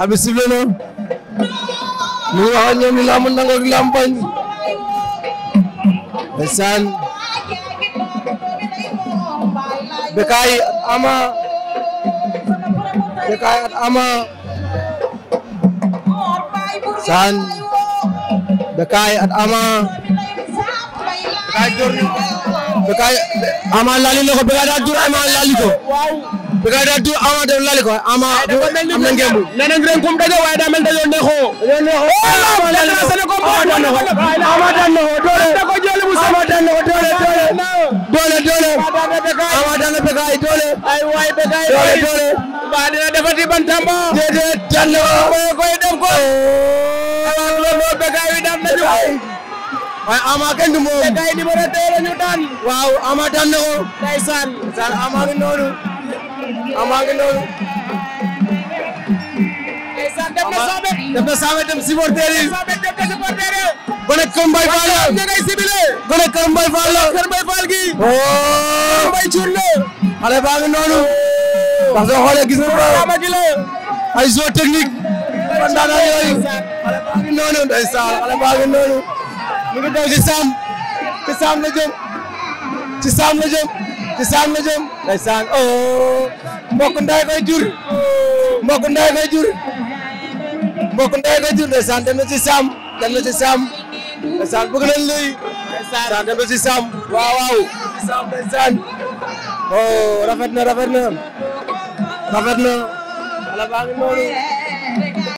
abi sifle na mu ngi wax ak ñoom ni lamb nangu ak lamb bañ ndeysaan saan Becaye ak Ama Becaye door na Becaye Ama lali na ko Becaye daa dur Ama lali ko Becaye daa dur Ama dem lali ko Ama am na ngemb nee nañ ren kum daje waaye daa mel dañoo neexoo dañoo neexoo Ama daan na ko Ama daan na ko doole Ama daan na ko doole doole doole Ama daan na Becaye doole ay waay Becaye doole doole ba dina defati bantamba déedéet daan na ko koy dem ko oh. waaye Ama kenn du moom. te tey numéro deux la ñu daan. waaw Ama daan na ko. ndeysaan. ndeysaan Ama ngi noonu. Ama ngi noonu. ndeysaan dem na Soobet. dem na Soobet dem supporter yi. Soobet dem na supporter yi. gone Kër Mbaye Fall la. waaw ñu ngay sibile. gone Kër Mbaye Fall la. Kër Mbaye Fall gi. woo. Oh. Mbaye Thioune. xale baa ngi noonu. Oh. parce que xoolee gis nga ko. ay zo technique. kon daan naa yooyu. xale baa ngi noonu ndeysaan xale baa ngi noonu. mu ngi daw ci saam ci saam la jëm ci saam la jëm ci saam la jëm oh. mbokk nday koy jur mbokk nday jur mbokk nday koy na ci saam dem na saam ndeysaan bëgg luy ndeysaan dem na ci saam waaw waaw saam oh, rafet na rafet na rafet na ala baa